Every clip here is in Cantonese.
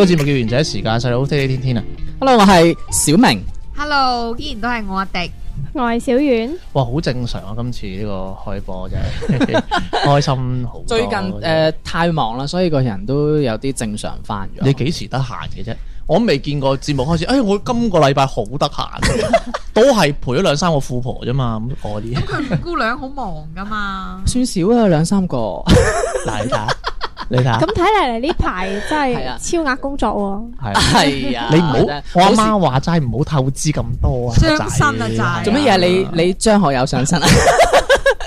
呢個節目叫完《賢者時間》，細佬」，好聽天天啊！Hello，我係小明。Hello，依然都係我阿迪，我係小遠。哇，好正常啊！今次呢個開播真係 開心好。 最近誒、呃、太忙啦，所以個人都有啲正常翻咗。你幾時得閒嘅啫？我未見過節目開始。哎，我今個禮拜好得閒， 都係陪咗兩三個富婆啫嘛。咁我啲，咁佢姑娘好忙㗎嘛，算少啦，啊，兩三個。 咁睇嚟呢排真係超額工作喎。係啊，你唔好我阿媽話齋唔好透支咁多啊，傷心啊，咋做乜嘢？你你張學友上身啊？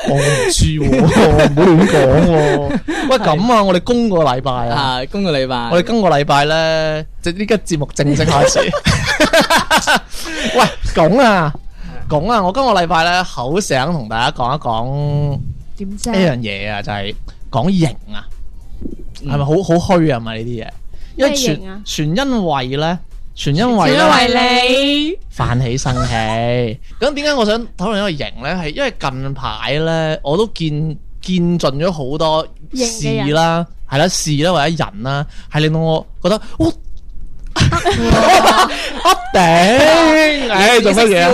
我唔知，我唔好亂講喎。喂，咁啊，我哋攻個禮拜啊，攻個禮拜，我哋今個禮拜咧，即呢個節目正式開始。喂，講啊講啊，我今個禮拜咧好想同大家講一講點知？一樣嘢啊，就係講型啊。係咪好好虛啊？咪呢啲嘢，因為全全因為咧，全因為你泛起生氣。咁點解我想討論一個型咧？係因為近排咧，我都見見盡咗好多事啦，係啦事啦或者人啦，係令到我覺得啊頂！做乜嘢？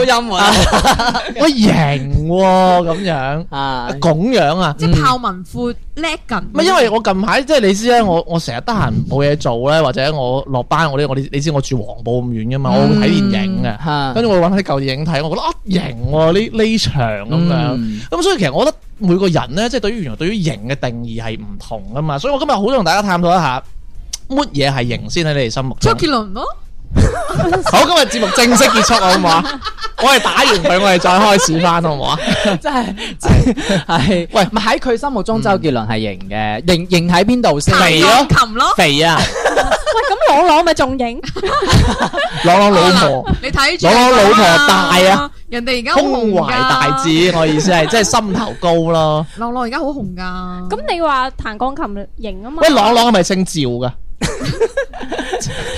我型喎咁樣啊，咁樣 繼續 啊，即係豹紋褲 leggings。唔係、 嗯，因為我近排即係你知咧，我我成日得閒冇嘢做咧，或者我落班我啲我你知我住黃埔咁遠噶嘛，我會睇電影嘅，跟住、嗯嗯、我會搵啲舊電影睇，我覺得啊型喎呢呢場咁樣，咁、 嗯、 所以其實我覺得每個人咧，即係對於原來對於型嘅定義係唔同噶嘛，所以我今日好想同大家探討一下。乜嘢係型先，喺你哋心目中？周杰倫咯。好，今日節目正式結束啊，好唔好啊？我哋打完佢，我哋再開始翻，好唔好啊？真係，係，喂，咪喺佢心目中周杰倫係型嘅，型型喺邊度先？彈鋼琴咯，肥啊！喂，咁朗朗咪仲型，朗朗老婆，你睇住，朗朗老婆大啊！人哋而家好紅噶，胸懷大志，我意思係即係心頭高咯。朗朗而家好紅噶，咁你話彈鋼琴型啊嘛？喂，朗朗係咪姓趙噶？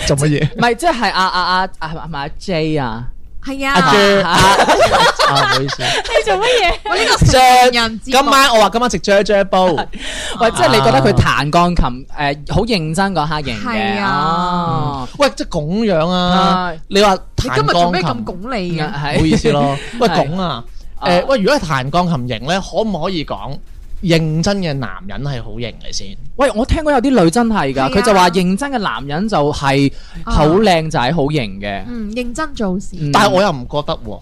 做乜嘢？唔係，即係阿阿阿阿阿阿 J 啊，係啊，阿 J，啊，唔好意思，你做乜嘢？我呢個 J，今晚我話今晚食 J J 煲，喂，即係你覺得佢彈鋼琴誒，好認真講下型啊！喂，即係咁樣啊？你話彈鋼琴，今日做咩咁拱你噶？係，唔好意思咯，喂拱啊，誒，喂，如果係彈鋼琴型咧，可唔可以講？認真嘅男人係好型嘅先，喂，我聽過有啲女真係噶，佢、啊、就話認真嘅男人就係好靚仔、好型嘅。認真做事，但係我又唔覺得喎。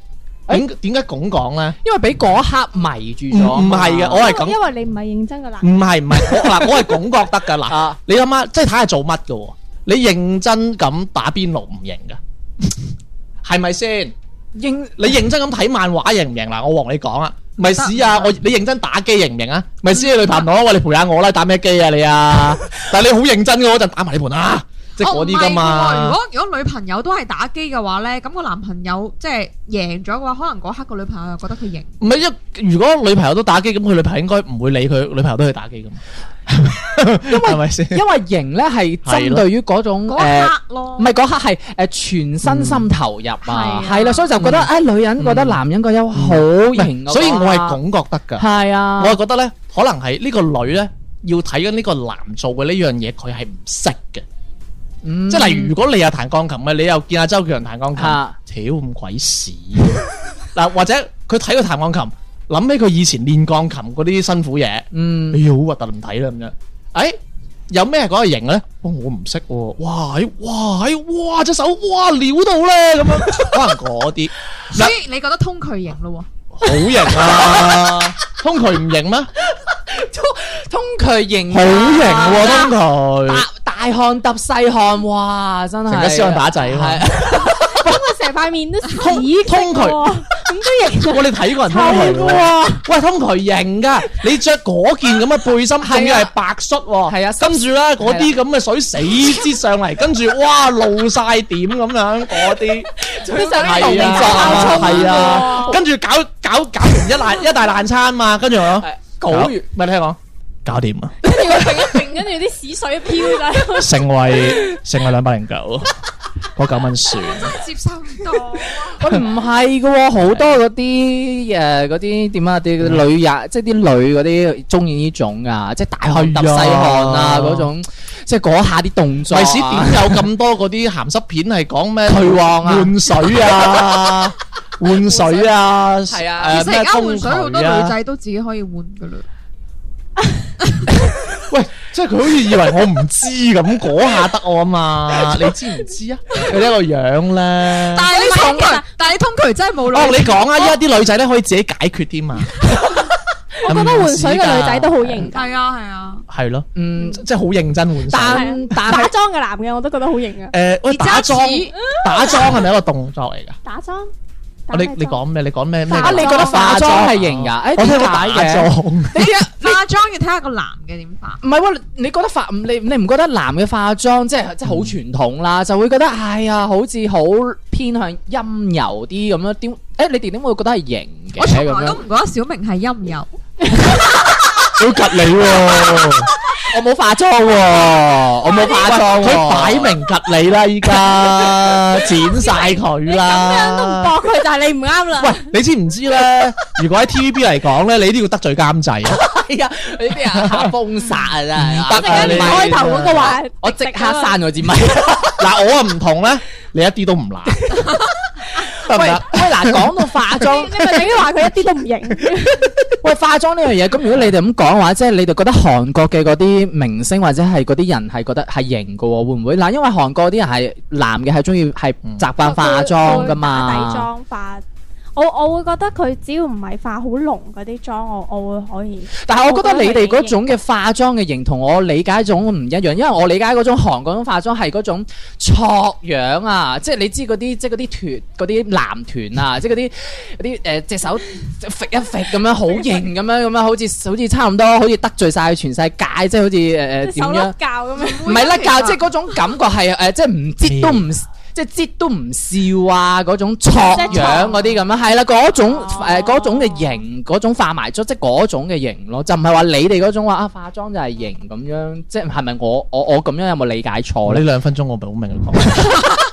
點點解咁講呢、哎？因為俾嗰刻迷住咗。唔係嘅，我係咁，因為你唔係認真嘅男人。唔係唔係，嗱，我係咁覺得噶。嗱，你諗下，即係睇下做乜嘅？你認真咁打邊爐唔型嘅，係咪先？英，你認真咁睇漫畫型唔型？嗱，我同你講啊。咪屎啊！我你認真打機認唔認啊？咪先你女朋友，我你陪下我啦！打咩機啊你啊？ 但係你好認真嗰陣打埋你盤啊！即係嗰啲噶嘛、哦。如果如果，如果女朋友都係打機嘅話咧，咁、嗰個男朋友即係贏咗嘅話，可能嗰刻個女朋友又覺得佢型。唔係，如果女朋友都打機，咁佢女朋友應該唔會理佢，女朋友都去打機噶嘛。因為因為型咧係針對於嗰種嗰刻咯，唔係嗰刻係誒全身心投入啊，係啦，所以就覺得啊，女人覺得男人覺得好型，所以我係咁覺得噶，係啊，我係覺得咧，可能係呢個女咧要睇緊呢個男做嘅呢樣嘢，佢係唔識嘅，即係例如如果你又彈鋼琴嘅，你又見阿周杰倫彈鋼琴，屌咁鬼屎，嗱或者佢睇佢彈鋼琴。諗起佢以前練鋼琴嗰啲辛苦嘢，嗯，哎好核突唔睇啦咁樣。哎，有咩講係型咧？哦，我唔識喎。哇，哎，哇，哇，隻手哇撩到咧咁樣，可能嗰啲。所以你覺得通渠型咯？好型啊，通渠唔型咩？通渠型。好型喎，通渠。大漢揼細漢，哇，真係。成日想打仔。塊面都通通渠，點解型？我哋睇過人通渠喎。喂，通渠型噶，你着嗰件咁嘅背心，係咪白恤？係啊。跟住咧，嗰啲咁嘅水死接上嚟，跟住哇露晒點咁樣，嗰啲。係啊。跟住搞搞搞完一爛一大爛餐嘛，跟住咯。九月咪聽講搞掂啦。跟住我平一平，跟住啲屎水飄晒。成為成為兩百零九。嗰九蚊船，真係接受唔到。我唔係噶，好多嗰啲誒，嗰啲點啊，啲 s í、呃、女也，即係啲女嗰啲中意呢種噶，即係大汗揼細汗啊嗰種，即係嗰下啲動作、啊。衛視點有咁多嗰啲鹹濕片係講咩？退換啊，換水啊，換水啊，係 啊，而且而家換水好多女仔都自己可以換噶啦。喂！ 即係佢好似以為我唔知咁，嗰下得我嘛？你知唔知啊？佢呢一個樣咧，但係通，但係通渠真係冇用。哦，你講啊！依家啲女仔咧可以自己解決添嘛？我覺得換水嘅女仔都好型，係啊係啊，係咯，嗯，即係好認真換水。但打打妝嘅男嘅，我都覺得好型嘅。誒，我打妝，打妝係咪一個動作嚟噶？打妝。我你你講咩？你講咩咩？啊，你覺得化妝係型噶？我睇下個化妝。你啊，欸、化妝要睇下個男嘅點化。唔係喎，你覺得化？你你唔覺得男嘅化妝即係即係好傳統啦？嗯、就會覺得哎呀，好似好偏向陰柔啲咁樣。點？誒，你哋點會覺得係型嘅？我從來都唔覺得小明係陰柔。 我夾你喎！我冇化妝喎，我冇化妝，佢擺明夾你啦，依家剪晒佢啦，咁樣都唔搏佢，但係你唔啱啦。喂，你知唔知咧？如果喺 TVB 嚟講咧，你都要得罪監製啊！係啊，呢啲人封殺啊真係。你開頭嗰句話，我即刻刪咗支咪。嗱，我啊唔同咧，你一啲都唔懶。喂，喂，嗱喂，講喂到化妝， 你咪等於話佢一啲都唔型。喂，化妝呢樣嘢，咁 如果你哋咁講嘅話，即係你哋覺得韓國嘅嗰啲明星或者係嗰啲人係覺得係型㗎，會唔會？嗱，因為韓國啲人係男嘅係中意係習慣化妝噶嘛，底妝、嗯、化。我我會覺得佢只要唔係化好濃嗰啲妝，我我會可以。但係我覺得你哋嗰種嘅化妝嘅型同我理解種唔一樣，因為我理解嗰種韓國化妝係嗰種挫樣啊，即係你知嗰啲即係啲團嗰啲男團啊，即係嗰啲啲誒隻手揈一揈咁樣好型咁樣咁樣，好似好似差唔多，好似得罪晒全世界，即係好似誒教點樣？唔係甩教，甩甩膠即係嗰種感覺係誒、呃，即係唔知都唔。 即係擠都唔笑啊，嗰種錯樣嗰啲咁樣，係啦、呃，嗰種誒，嗰種嘅型，嗰種化埋咗，即係嗰種嘅型咯，就唔係話你哋嗰種話啊化妝就係型咁樣，即係係咪我我我咁樣有冇理解錯？呢兩分鐘我咪好明你講。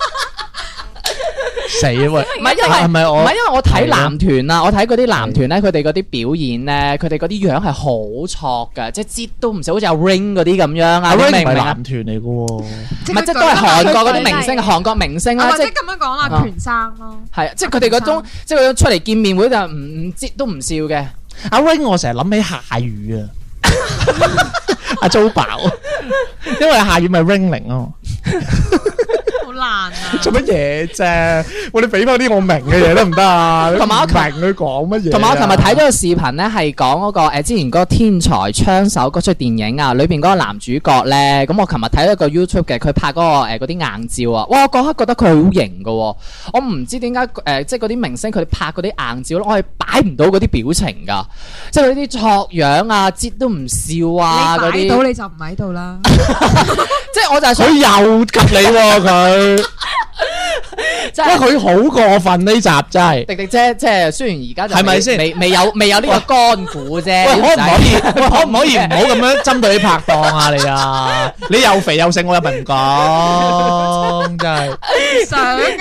死喎！唔係因為唔係因為我睇男團啊。我睇嗰啲男團咧，佢哋嗰啲表演咧，佢哋嗰啲樣係好挫噶，即係擠都唔笑，好似阿 Ring 嗰啲咁樣。阿 Ring 唔係男團嚟噶喎，唔係即係都係韓國嗰啲明星，韓國明星啦。即係咁樣講啦，權生咯。係啊，即係佢哋嗰種，即係出嚟見面會就唔唔擠都唔笑嘅。阿 Ring，我成日諗起下雨啊，阿租飽，因為下雨咪 Ring 零咯。好難啊！做乜嘢啫？喂，你俾翻啲我明嘅嘢得唔得啊？同埋我明佢講乜嘢？同埋我琴日睇咗個視頻咧，係講嗰個誒、欸、之前嗰個天才槍手嗰出電影啊，裏邊嗰個男主角咧，咁我琴日睇咗個 YouTube 嘅，佢拍嗰、嗰個誒嗰啲硬照啊，哇！嗰刻覺得佢好型噶，我唔知點解誒，即係嗰啲明星佢拍嗰啲硬照，我係擺唔到嗰啲表情噶，即係呢啲錯樣啊，接都唔笑啊，嗰啲擺到你就唔喺度啦， 即係我就係想佢又及你佢、啊。 喂，佢好 過分，呢集真係，迪迪姐，即係雖然而家就係咪先未未有未有呢個乾股啫，喂，喂可唔可以？可唔可以唔好咁樣針對你拍檔啊？你啊，你又肥又性，我又唔講，真係，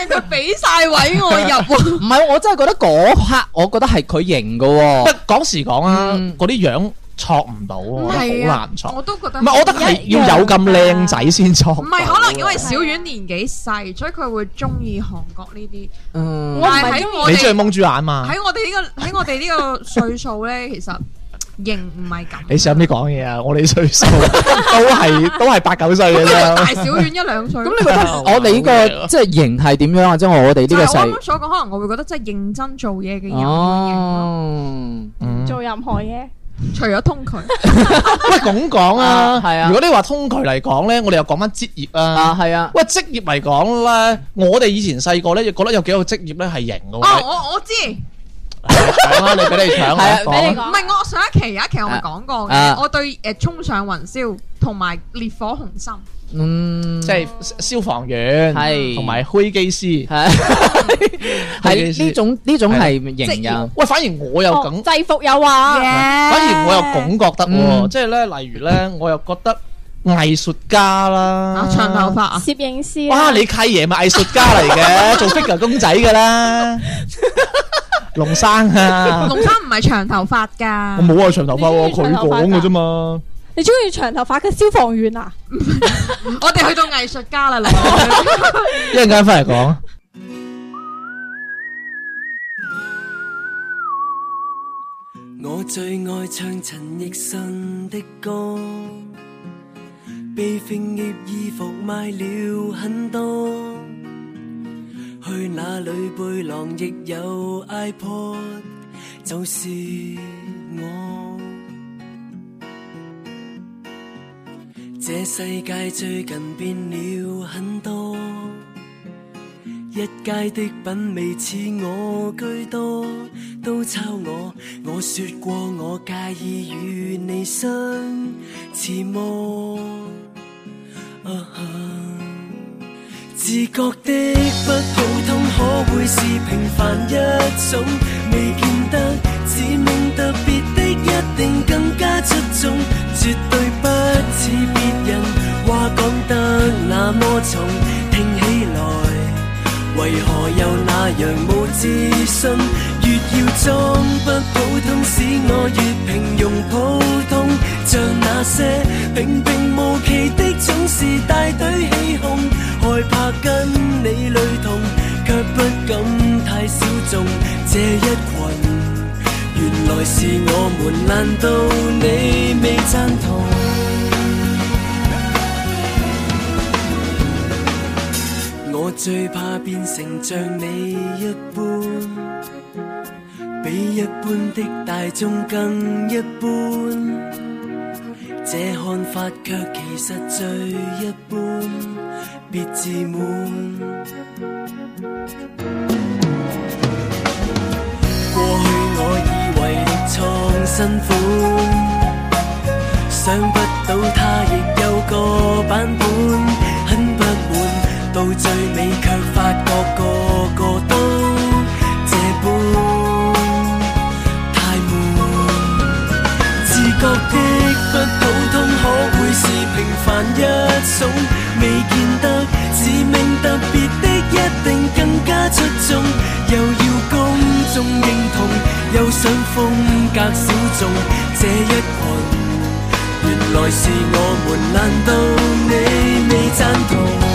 晒俾晒位我入，唔 係我真係覺得嗰刻，我覺得係佢型噶，講時講啊，嗰啲、嗯、樣。錯唔到，好難錯。我都覺得。唔係，我覺得係要有咁靚仔先錯。唔係，可能因為小丸年紀細，所以佢會中意韓國呢啲。嗯，我係喺我你中意蒙豬眼嘛？喺我哋呢個喺我哋呢個歲數咧，其實型唔係咁。你想唔想講嘢啊？我哋歲數都係都係八九歲嘅啫，大小丸一兩歲。咁你覺得我哋呢個即係型係點樣啊？即係我哋呢個細。我所講可能我會覺得真係認真做嘢嘅人型，做任何嘢。除咗通渠 喂，喂咁講啦，係啊。啊啊如果你話通渠嚟講咧，我哋又講翻職業啊，係啊。啊喂職業嚟講咧，我哋以前細個咧，又覺得有幾個職業咧係型嘅。哦，我我知係啊，你俾你搶，啊，唔係、 啊、吧我上一期，有一期我咪講過嘅，我對誒衝上雲霄同埋烈火雄心。嗯，即係消防員，係同埋灰機師，係，係呢種呢種係型人。喂，反而我又咁制服有話，反而我又咁覺得即係咧，例如咧，我又覺得藝術家啦，長頭髮攝影師。哇，你契爺咪藝術家嚟嘅，做 figure 公仔噶啦，龍生啊，龍生唔係長頭髮噶，我冇係長頭髮，佢講嘅啫嘛。你中意長頭髮嘅消防員啊？我哋去到藝術家啦！你一陣間翻嚟講。 我最愛唱陳奕迅的歌，被豐葉衣服買了很多，去哪裏背囊亦有 iPod，就是我。這世界最近變了很多，一街的品味似我居多，都抄我。我説過我介意與你相似麼？Uh huh. 自覺的不普通，可會是平凡一種？未見得，自命特別的一定更加出眾。絕對不似別人，話講得那麼重，聽起來為何又那樣冇自信？越要裝不普通，使我越平庸普通。像那些平平無奇的，總是帶隊起哄，害怕跟你雷同，卻不敢太小眾這一群。原來是我們，難道你未贊同？我最怕變成像你一般，比一般的大眾更一般。這看法卻其實最一般，別自滿。辛苦想不到他亦有個版本，很不滿。到最尾卻發覺個個都這般太悶，自覺的不普通，可會是平凡一種？未見得是命。一定更加出眾，又要公眾認同，又想風格小眾，這一群原來是我們，難道你未贊同？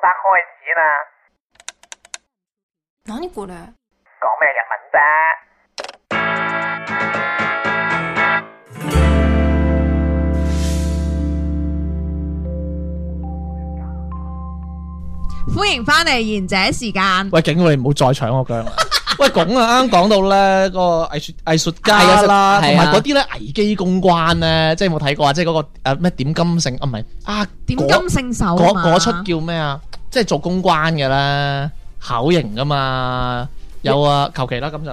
得開始啦！咩呢個咧？講咩日文啫？歡迎返嚟賢者時間。喂，警我哋唔好再搶我腳。 喂，咁啊，啱講到咧個藝術藝術家啦，同埋嗰啲咧危機公關咧、啊，即係有冇睇過啊？即係嗰個咩點金勝啊，唔係啊點金勝手嗰、啊啊、出叫咩啊？即係做公關嘅咧口型噶嘛，有啊，求其啦咁就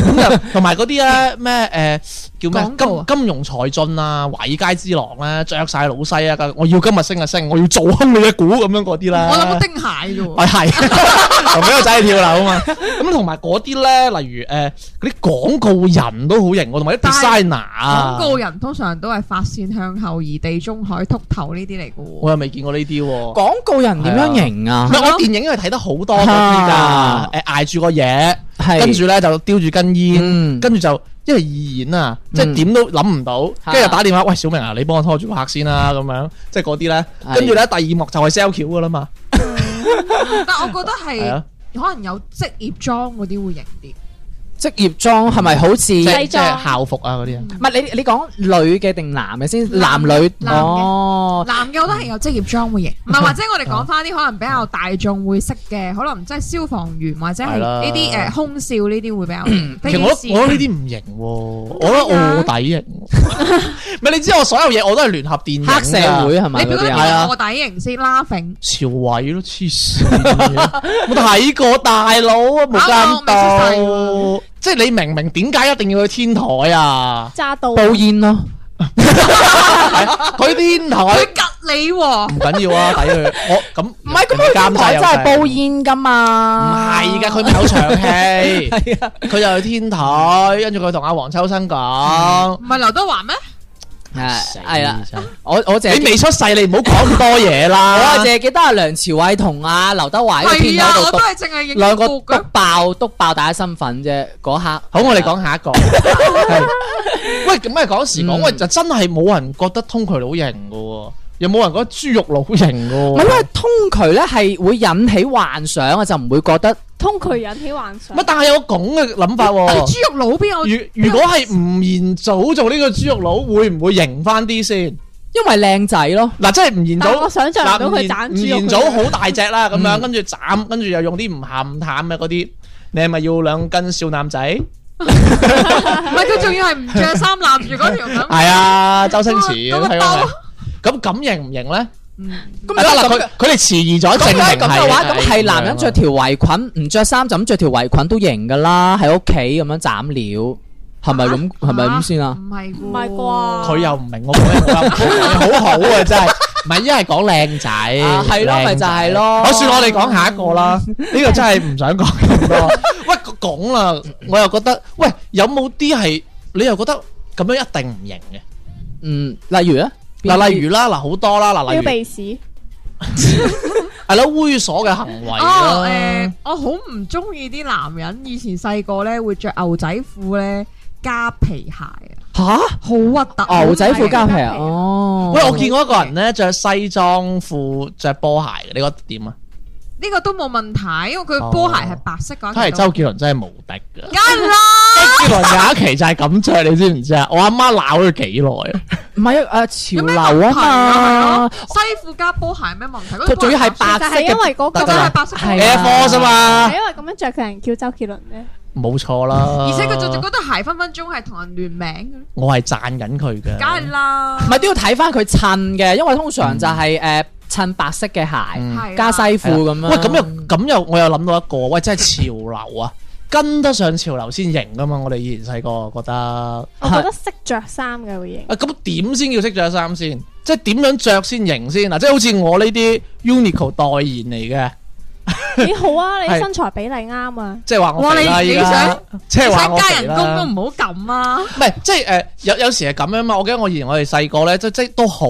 嚇，同埋嗰啲咧咩誒。叫咩金金融才俊啊，華爾街之狼啊？着晒老西啊，我要今日升啊升，我要做空你嘅股咁樣嗰啲啦。我諗個丁蟹啫，係俾個仔去跳樓啊嘛。咁同埋嗰啲咧，例如誒嗰啲廣告人都好型，我同埋啲 designer 啊。廣告人通常都係髮線向後移，移地中海禿頭呢啲嚟噶。我又未見過呢啲、啊。廣告人點樣型啊？啊我電影係睇得好多啲噶。誒、 呃，挨住個嘢，跟住咧就叼住根煙，跟住就。嗯因為易演啊，嗯、即係點都諗唔到，跟住、嗯、打電話，啊、喂，小明啊，你幫我拖住個客先啦、啊，咁、嗯、樣，即係嗰啲咧，跟住咧第二幕就係 sell 橋噶啦嘛。嗯、 但我覺得係、啊、可能有職業裝嗰啲會型啲。職業裝係咪好似即係校服啊嗰啲啊？唔係，你你講女嘅定男嘅先？男女，哦，男嘅我都係有職業裝會型，唔係，或者我哋講翻啲可能比較大眾會識嘅，可能即係消防員或者係呢啲誒空少呢啲會比較。其實我我覺得呢啲唔型，我覺得臥底型。唔係，你知我所有嘢我都係聯合電影黑社會係咪？你覺得臥底型先拉㜺，朝偉咯黐綫，我睇過大佬啊冇奸即係你明明點解一定要去天台啊？揸刀煲煙燕咯，佢 天台佢吉你喎。唔緊要啊，抵佢我咁。唔係，咁佢天台真係煲煙噶嘛？唔係㗎，佢咪有場戲。係啊，佢又去天台，跟住佢同阿黃秋生講。唔係、嗯、劉德華咩？係係啦，我 我淨係你未出世，你唔好講咁多嘢啦。我淨係記得阿梁朝偉同阿劉德華喺片場度讀，兩個督爆督爆大家身份啫。嗰刻，好、啊、我哋講下一個。喂，咁咪嗰時講，就、嗯、真係冇人覺得通渠佬型噶。有冇人覺得豬肉佬型噶？唔係，因為通渠咧係會引起幻想啊，就唔會覺得通渠引起幻想。乜？但係有咁嘅諗法喎。係豬肉佬邊有？如如果係吳彥祖做呢個豬肉佬，嗯、會唔會型翻啲先？因為靚仔咯。嗱、啊，即係吳彥祖。我想象唔到佢斬豬肉佬好、啊、大隻啦，咁 樣跟住斬，跟住又用啲唔鹹唔淡嘅嗰啲。你係咪要兩斤少男仔？唔係，佢仲要係唔着衫攬住嗰條頸。係 啊，周星馳 咁咁型唔型咧？咁啊，佢佢哋遲疑咗。咁樣咁嘅話，咁係男人着條圍裙唔着衫就咁着條圍裙都型噶啦，喺屋企咁樣斬料，係咪咁？係咪咁先啊？唔係唔係啩？佢又唔明我講咩咁好啊！真係唔係，一係講靚仔，係咯，咪就係咯。我算我哋講下一個啦。呢個真係唔想講。喂，講啦，我又覺得喂，有冇啲係你又覺得咁樣一定唔型嘅？嗯，例如咧。嗱，例如啦，嗱，好多啦，嗱如，例如要鼻屎，係咯， 猥瑣嘅行為咯。誒、哦呃，我好唔中意啲男人以前細個咧會着牛仔褲咧加皮鞋啊。吓蛤，好核突，牛仔褲加皮啊。皮哦，喂，我見過一個人咧着西裝褲着波鞋嘅，你覺得點啊？呢個都冇問題，因為佢波鞋係白色嘅。真係周杰倫真係無敵嘅，梗係啦。杰倫有一期就係咁着，你知唔知啊？我阿媽鬧咗幾耐啊？唔係啊，潮流啊嘛，西褲加波鞋有咩問題？佢仲要係白色嘅，係因為嗰個係白色波啫嘛。係因為咁樣着嘅人叫周杰倫咩。冇錯啦，而且佢仲覺得鞋分分鐘係同人聯名嘅。我係讚緊佢嘅，梗係啦，唔係都要睇翻佢襯嘅，因為通常就係誒襯白色嘅鞋、嗯、加西褲咁樣。喂、嗯，咁又咁又，我又諗到一個，喂，真係潮流啊， 跟得上潮流先型噶嘛？我哋以前細個覺得，我覺得識着衫嘅會，會型。啊，咁點先叫識着衫先？即係點樣着先型先啊？即係好似我呢啲 Uniqlo 代言嚟嘅。幾、欸、好啊！你身材比例啱啊！即係話我肥啦，而家即係話加人工都唔好撳啊！唔係，即係誒、呃，有有時係咁樣嘛。我記得我以前我哋細個咧，即即都好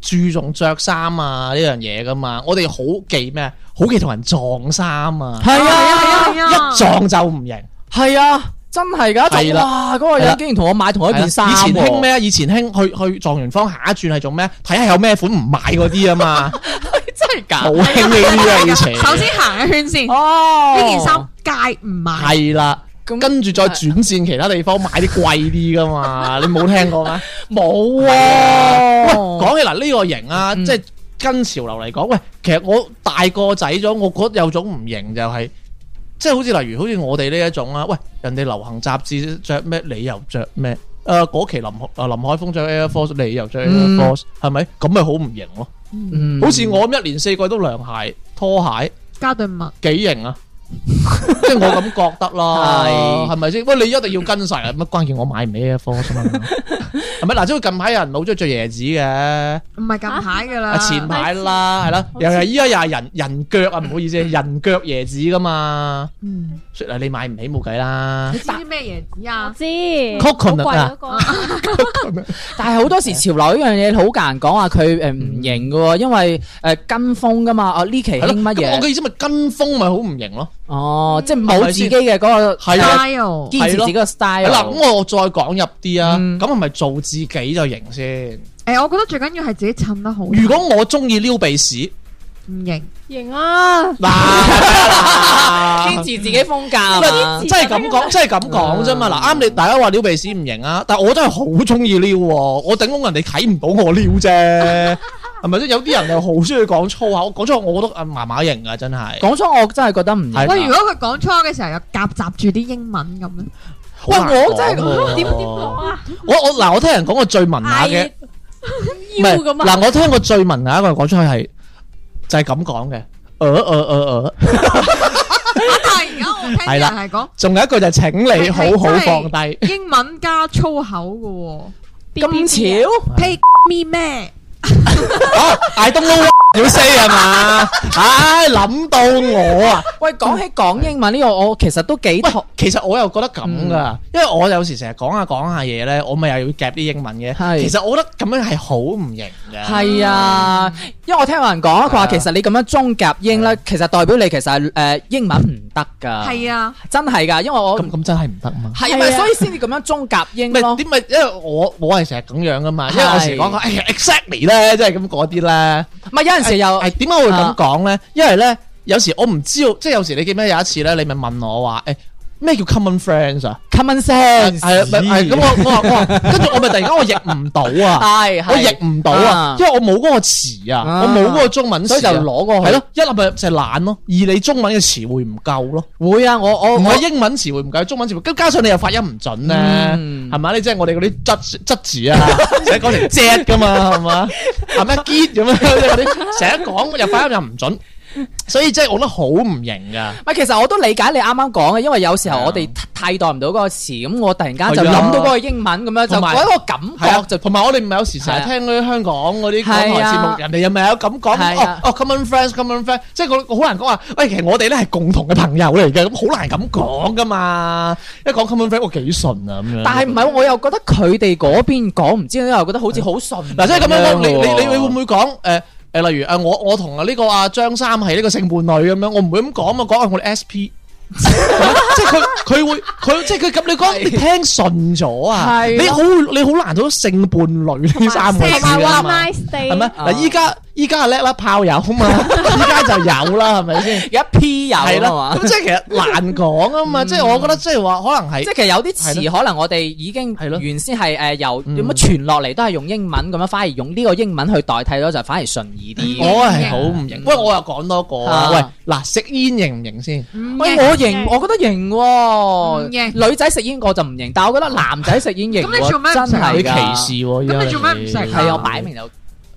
注重着衫啊呢樣嘢噶嘛。我哋好忌咩？好忌同人撞衫啊！係啊係啊係啊！啊。啊啊一撞就唔型。係啊，啊，真係噶、啊。哇！嗰、那個人竟然同我買同一件衫、啊。以前興咩啊？以前興，以前興去去狀元坊下一轉係做咩？睇下有咩款唔買嗰啲啊嘛。 真係假？好興嘅呢樣嘢，首先行一圈先。 哦， 呢件衫介唔買。係啦 那，咁跟住再轉戰其他地方買啲貴啲噶嘛？ 你冇聽過咩？冇啊！喂、 嗯，講 起嗱呢個型啊，即係跟潮流嚟講。喂，其實我大個仔咗，我覺得有種唔型就係、是，即係好似例如好似我哋呢一種啊。喂，人哋流行雜誌着咩，你又着咩？誒、呃，嗰期林林海峰着 Air Force，你又着 Air Force，係咪、嗯？咁咪好唔型咯？嗯，好似我咁一年四季都涼鞋拖鞋加對襪，幾型啊！即係我咁覺得咯，係咪先？喂，你一定要跟晒，乜關鍵我買唔起科先啊？係咪嗱？即係近排有人老咗着椰子嘅，唔係近排噶啦，前排啦，係咯，又係依家又係人人腳啊！唔好意思，人腳椰子噶嘛，嗯，所以你買唔起冇計啦。你知咩椰子啊？知 c r o c o，但係好多時潮流呢樣嘢好難講話，佢誒唔型噶，因為誒跟風噶嘛。哦，呢期興乜嘢？我嘅意思咪跟風咪好唔型咯？哦，即係冇自己嘅嗰個 style，堅持自己個 style。嗱，咁我再講入啲啊，咁係咪做自己就型先？誒，我覺得最緊要係自己襯得好。如果我中意撩鼻屎，唔型，型啊！堅持自己風格，即係咁講，即係咁講啫嘛。嗱，啱你大家話撩鼻屎唔型啊，但我真係好中意撩，我頂多人哋睇唔到我撩啫。係咪？即係有啲人又好中意講粗口，講粗口我覺得啊，麻麻型啊，真係講粗口我真係覺得唔。喂，如果佢講粗口嘅時候又夾雜住啲英文咁，喂，我真係點點講啊？我我嗱，我聽人講過個最文雅嘅，唔係嗱，我聽過個最文雅一個講出去係就係咁講嘅，呃呃呃呃。但係而家我係啦，係講仲有一個就請你好好放低，英文加粗口嘅，咁潮，pick me 咩？哦、 啊，大東哥，小 C 係嘛？唉，諗到我啊！喂，講起講英文呢、這個，我我其實都幾其實我又覺得咁噶，嗯、因為我有時成日講下講下嘢咧，我咪又要夾啲英文嘅。是其實我覺得咁樣係好唔型嘅。係啊，因為我聽有人講，佢話、啊、其實你咁樣中夾英咧，啊、其實代表你其實係誒、呃、英文唔得噶。係啊，真係噶，因為我咁咁真係唔得嘛。係咪、啊？啊、所以先至咁樣中夾英咯。點解？因為我我係成日咁樣噶嘛。因為有時講、哎、exactly 即係咁嗰啲咧，唔係有陣時又，點解，哎哎，我會咁講咧？啊，因為咧，有時我唔知道，即係有時你記唔記得有一次咧，你咪問我話，誒，哎。咩叫 common friends 啊？common sense 係啊，係咁我我話我話，跟住我咪突然間我譯唔到啊，我譯唔到啊，因為我冇嗰個詞啊，我冇嗰個中文所以就攞過去咯，係咯，一立咪就懶咯，而你中文嘅詞彙唔夠咯，會啊，我我唔係英文詞彙唔夠，中文詞彙，加加上你又發音唔準咧，係咪你即係我哋嗰啲擠擠字啊，成日講成 jet 㗎嘛，係咪係咩 get 咁樣？你成日講又發音又唔準。所以即係我覺得好唔型噶，唔係，其實我都理解你啱啱講嘅，因為有時候我哋替代唔到嗰個詞，咁我突然間就諗到嗰個英文咁樣，就嗰一個感覺就，同埋我哋唔係有時成日聽嗰啲香港嗰啲港台節目，人哋又咪有咁講，哦哦，common friends，common friends，即係我好難講話，喂，其實我哋咧係共同嘅朋友嚟嘅，咁好難咁講噶嘛，一講 common friends 我幾順啊咁樣，但係唔係我又覺得佢哋嗰邊講唔知咧，又覺得好似好順，嗱，即係咁樣，你你你你會唔會講誒？誒，例如誒，我我同啊呢個阿張三係呢個性伴侶咁樣，我唔會咁講嘛，講下我哋 SP，即係佢佢會佢即係佢咁，你講你聽順咗啊？係，你好你好難到性伴侶呢啲三個字噶嘛？係咩？嗱，依家。依家係叻啦，炮友啊嘛，依家就有啦，係咪先？一批有係咯，咁即係其實難講啊嘛，即係我覺得即係話可能係，即係有啲詞可能我哋已經原先係誒由點樣傳落嚟，都係用英文咁樣，反而用呢個英文去代替咗，就反而順耳啲。我係好唔認，喂，我又講多個，喂，嗱，食煙認唔認先？喂，我認，我覺得認，女仔食煙我就唔認，但係我覺得男仔食煙認。咁你做咩唔食？佢歧視。咁你做咩唔食？係我擺明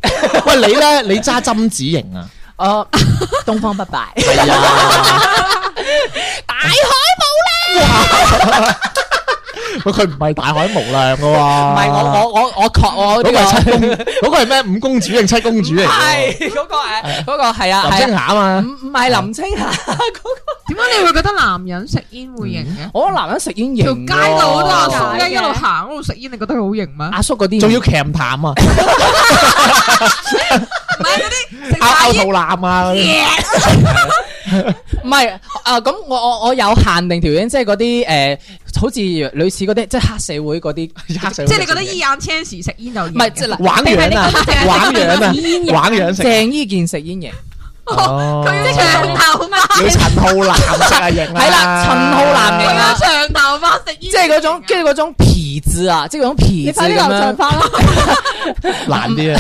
喂，你咧？你揸針子型啊？哦，uh, 東方不敗係啊， 大海無量。佢唔係大海無量噶喎。唔係我我我確我確我嗰個 七公嗰個係咩？五公主定七公主嚟？係嗰、嗰個誒，嗰 個係 啊，林青霞啊嘛？唔唔係林青霞嗰。點解你會覺得男人食煙會型嘅？我覺得男人食煙型。條街度好多阿叔一路行一路食煙，你覺得佢好型咩？阿叔嗰啲，仲要強淡啊！唔係嗰啲，阿阿頭男啊嗰啲。唔係，誒咁我我我有限定條件，即係嗰啲誒，好似類似嗰啲，即係黑社會嗰啲，即係你覺得易烊千玺食煙就唔係，玩樣啦，玩樣啦，玩樣食。鄭伊健食煙型。佢、哦、要長頭髮，要陳浩南嘅型係啦，陳浩南型嘅長頭髮食煙，啊、即係嗰種，即係嗰種皮子啊，即係嗰種皮呢子咁樣難啲啊，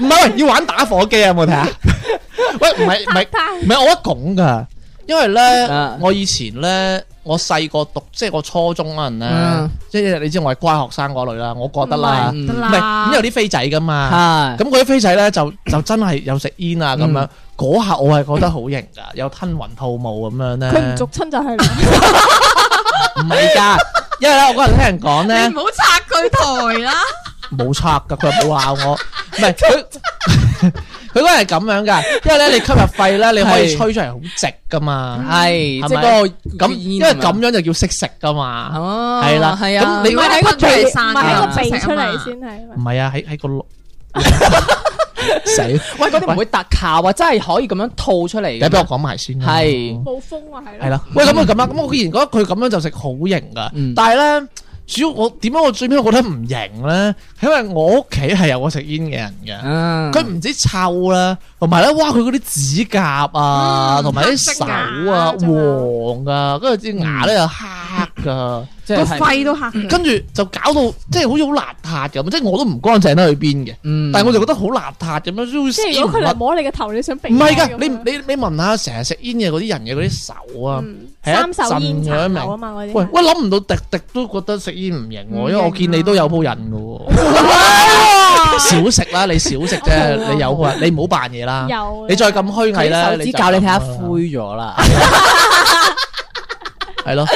唔係，喂，要玩打火機啊，有冇睇下？ 喂，唔係，唔係，唔係，我一拱噶。因為咧，啊、我以前咧，我細個讀即係我初中嗰陣咧，嗯、即係你知我係乖學生嗰類啦，我覺得啦，唔係咁有啲飛仔噶嘛，咁嗰啲飛仔咧就就真係有食煙啊咁樣，嗰下、嗯、我係覺得好型噶， 有吞雲吐霧咁樣咧，佢唔俗親就係唔係噶，因為咧我嗰陣聽人講咧，你唔好拆佢台啦。 冇拆噶，佢又冇鬧我，唔係佢佢嗰個係咁樣噶，因為咧你吸入肺咧，你可以吹出嚟好直噶嘛，係，即係個咁，因為咁樣就叫識食噶嘛，哦，係啦，係啊，咁你個鼻唔係喺個鼻出嚟先係，唔係啊，喺喺個，死，喂，嗰啲唔會特效啊，真係可以咁樣吐出嚟，你俾我講埋先，係，冇風啊，係咯，係咯，喂，咁啊咁啦，咁我既然覺得佢咁樣就食好型噶，但係咧。主要我點解我最尾我覺得唔型咧？因為我屋企係有個食煙嘅人嘅，佢唔知臭啦，同埋咧，哇！佢嗰啲指甲啊，同埋啲手啊黃噶，啊，跟住啲牙咧又黑噶。個肺都吓，跟住就搞到即係好似好邋遢咁，即係我都唔乾淨得去邊嘅。嗯，但係我就覺得好邋遢咁樣。即係如果佢嚟摸你嘅頭，你想避？唔係噶，你你你聞下，成日食煙嘅嗰啲人嘅嗰啲手啊，三手煙手啊嘛嗰啲。喂，我諗唔到，滴滴都覺得食煙唔型喎，因為我見你都有鋪印嘅喎。少食啦，你少食啫，你有啊？你唔好扮嘢啦，你再咁虛偽啦，手指教你睇下灰咗啦。係咯。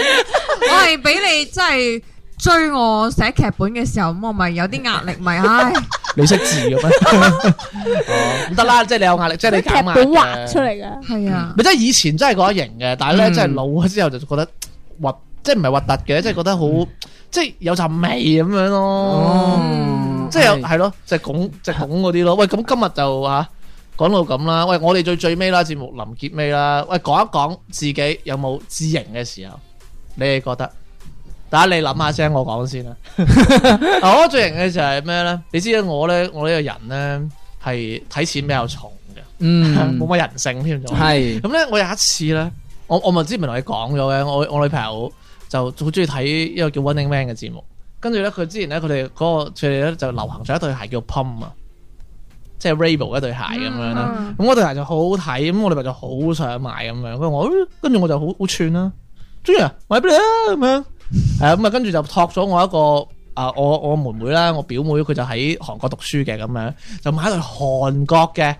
我係俾你，真係追我寫劇本嘅時候，咁我咪有啲壓力，咪唉。你識字嘅咩？哦，唔得啦，即係你有壓力，即係劇本畫出嚟嘅，係啊。咪即係以前真係嗰型嘅，但係咧真係老咗之後，就覺得核即係唔係核突嘅，即係、嗯、覺得好、嗯、即係有陣味咁樣咯。哦、嗯，即係有係咯，即係拱即係拱嗰啲 咯。喂，咁今日就啊，講到咁啦。喂，我哋最最尾啦，節目臨結尾啦。喂，講一講自己有冇知型嘅時候。你哋覺得？但係你諗下先，我講先啦。我最型嘅就係咩咧？你知道我咧，我呢個人咧係睇錢比較重嘅，嗯，冇乜人性添咗。係咁咧，是嗯、我有一次咧，我我之前咪同你講咗嘅，我我，我女朋友就好中意睇一個叫 Running Man 嘅節目，跟住咧佢之前咧佢哋嗰個佢哋咧就流行咗一對鞋叫 Pump 啊，即係 Reebok 一對鞋咁樣啦。咁嗰對鞋就好好睇，咁我女朋友就好想買咁樣。佢話我，跟住我就好好串啦。中啊，買俾你啊，咁樣，係啊，咁啊跟住就託咗我一個啊，我我妹妹啦，我表妹佢就喺韓國讀書嘅，咁樣，就買台韓國嘅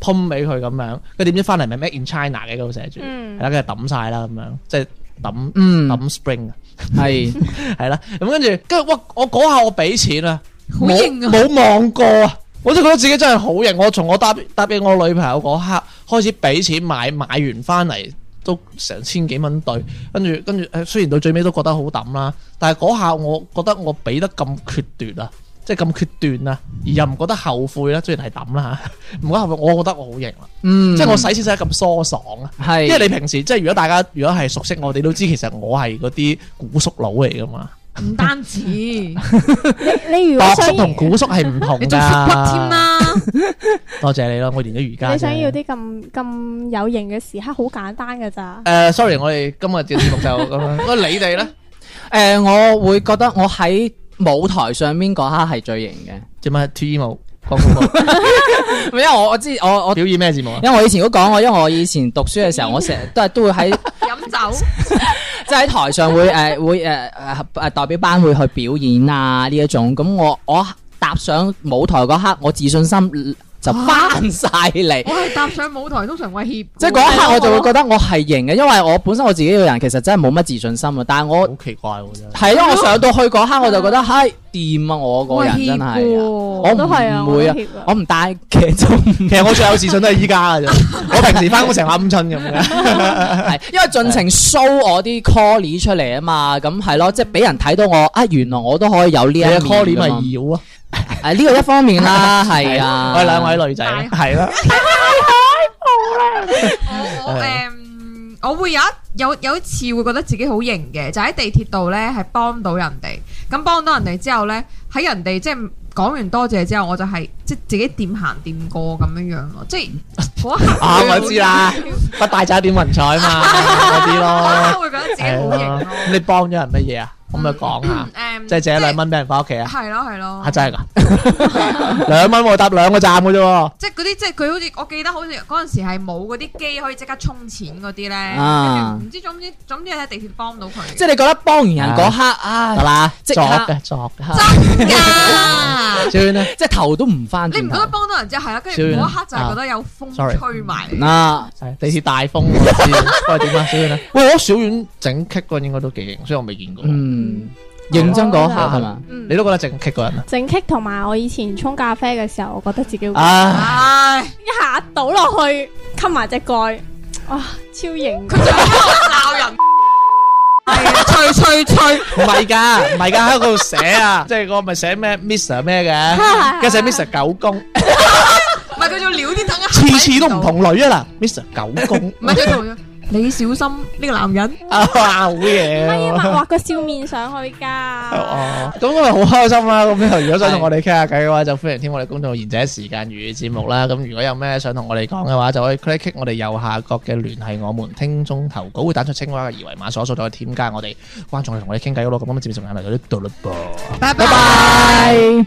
phone 俾佢咁樣，跟住點知翻嚟咪 made in China 嘅，嗰度寫住，係啦、嗯，跟住抌晒啦咁樣，即係抌抌 spring 啊，係係啦，咁跟住跟住，哇！我嗰下我俾錢啊，好冇望過啊， 我真係覺得自己真係好型，我從我答答應我女朋友嗰刻開始俾錢買，買完翻嚟。都成千幾蚊對，跟住跟住，雖然到最尾都覺得好抌啦，但係嗰下我覺得我俾得咁決斷啊，即係咁決斷啊，而又唔覺得後悔啦，雖然係抌啦嚇，唔 覺得後悔，我覺得我好型啊，嗯、即係我使錢使得咁疏爽啊，是因為你平時即係如果大家如果係熟悉我哋都知其實我係嗰啲古縮佬嚟噶嘛。唔單止，你你如果想，同古叔係唔同噶，你仲禿鼻添啦。多謝你咯，我練咗瑜伽。你想要啲咁咁有型嘅時刻，好簡單噶咋？誒，sorry，我哋今日嘅節目就咁樣。不過你哋咧，誒，我會覺得我喺舞台上面嗰刻係最型嘅。做乜脫衣舞？講古舞？因為我我知我我表演咩節目啊？因為我以前都講過，因為我以前讀書嘅時候，我成日係都會喺飲酒。即喺台上會誒、呃呃呃、代表班會去表演啊，呢一種，咁我我踏上舞台嗰刻，我自信心，就翻晒嚟，我係搭上舞台通常會怯，即係嗰一刻我就會覺得我係型嘅，因為我本身我自己個人其實真係冇乜自信心啊。但係我好奇怪喎，真係，係因為我上到去嗰刻我就覺得嗨，掂啊，我個人真係，我都係啊，唔會啊，我唔戴其裝，其實我最有自信都係依家啊，就我平時翻工成下午春咁嘅，係因為盡情 show 我啲 c a l l i 出嚟啊嘛，咁係咯，即係俾人睇到我啊，原來我都可以有呢一年啊 c a l l i 咪妖啊！.誒，呢個一方面啦，係啊，我兩位女仔係啦，我咧，我誒，我會有一有有一次會覺得自己好型嘅，就喺地鐵度咧，係幫到人哋，咁幫到人哋之後咧，喺人哋即係講完多謝之後，我就係即係自己掂行掂過咁樣樣咯，即係啊，我知啦，不帶走一片雲彩嘛，多啲咯，會覺得自己好型。你幫咗人乜嘢啊？可唔可以講下，即係借一兩蚊俾人翻屋企啊？係咯，係咯，真係噶，兩蚊我搭兩個站嘅啫。即係嗰啲，即係佢好似我記得，好似嗰陣時係冇嗰啲機可以即刻充錢嗰啲咧。唔知總之總之喺地鐵幫到佢。即係你覺得幫完人嗰刻啊得啦，作嘅作嘅，噶？小即係頭都唔翻。你唔覺得幫到人之後係啊？跟住嗰刻就係覺得有風吹埋。啊，地鐵大風，我點啊？小遠咧，喂，我小遠整棘嗰陣應該都幾型，所以我未見過。嗯，認真嗰下係嘛？你都覺得正棘過人啊？正棘同埋我以前沖咖啡嘅時候，我覺得自己唉，一下倒落去吸埋隻蓋，哇，超型！佢仲喺度鬧人，係啊，吹吹吹，唔係噶，唔係噶，喺度寫啊，即係我咪寫咩 Miss 咩嘅，跟住寫 Miss 狗公，唔係叫做尿啲凳啊，次次都唔同類啊啦，Miss 狗公，唔係叫做。你小心呢個男人啊，好嘢！可以畫個笑面上去噶。哦，咁我係好開心啦。咁呢頭如果想同我哋傾下偈嘅話，就歡迎聽我哋公眾號《賢者時間與》節目啦。咁如果有咩想同我哋講嘅話，就可以 click 我哋右下角嘅聯繫我們聽眾投稿，會彈出青蛙嘅二維碼，掃一掃就可以添加我哋觀眾去同我哋傾偈咯。咁我哋節目仲係嚟到呢度啦噃。拜拜。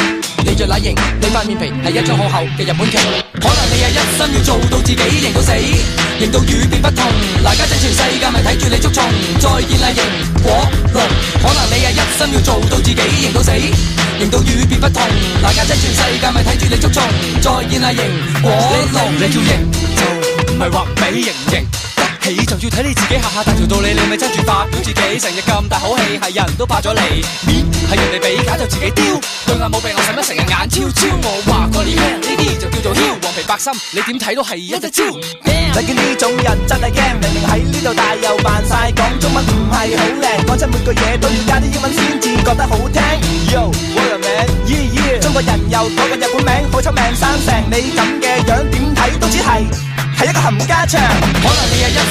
你著乸型，你塊面皮係一張好厚嘅日本劇。可能你係一心要做到自己型到死，型到與別不同。嗱，家陣全世界咪睇住你捉蟲。再見喇！型過龍，可能你係一心要做到自己型到死，型到與別不同。嗱，家陣全世界咪睇住你捉蟲。再見喇！型過龍， 你要型就唔係話俾型型。起就要睇你自己下下大條道理，你咪揸住發表自己，成日咁大口氣，係人都怕咗你。面係人哋俾，假就自己丟。對眼冇病，使乜成日眼超超？我話過你，呢啲就叫做囂。黃皮白心，你點睇都係一隻蕉。你見呢種人真係驚，明明喺呢度大又扮曬懂，中文唔係好靚，講出每個字都要加啲英文先至覺得好聽。Yo，我的名，Chinese，中國人又改個日本名，好出名，生石你咁嘅樣點睇都只係係一個冚家長。可能你係一。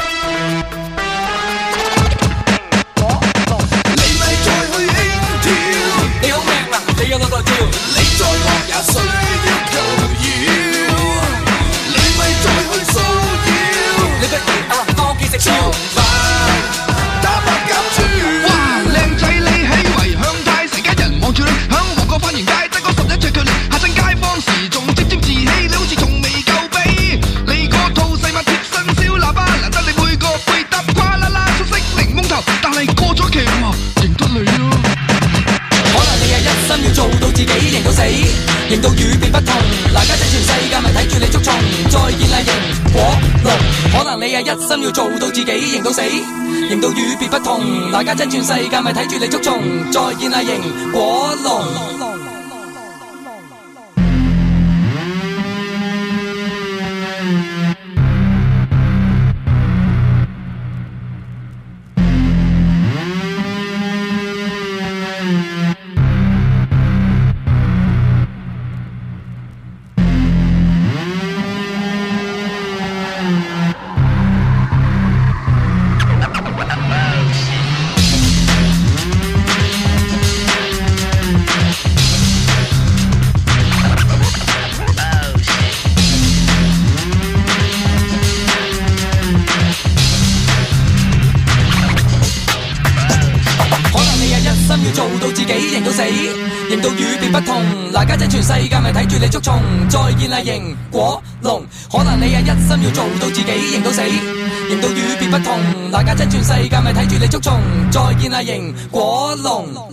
一心要做到自己，型到死，型到與別不同。大家真全世界，咪睇住你捉蟲。再見啦、啊，型果龍。大家真轉世界，咪睇住你捉蟲。再見啊，螢果龍。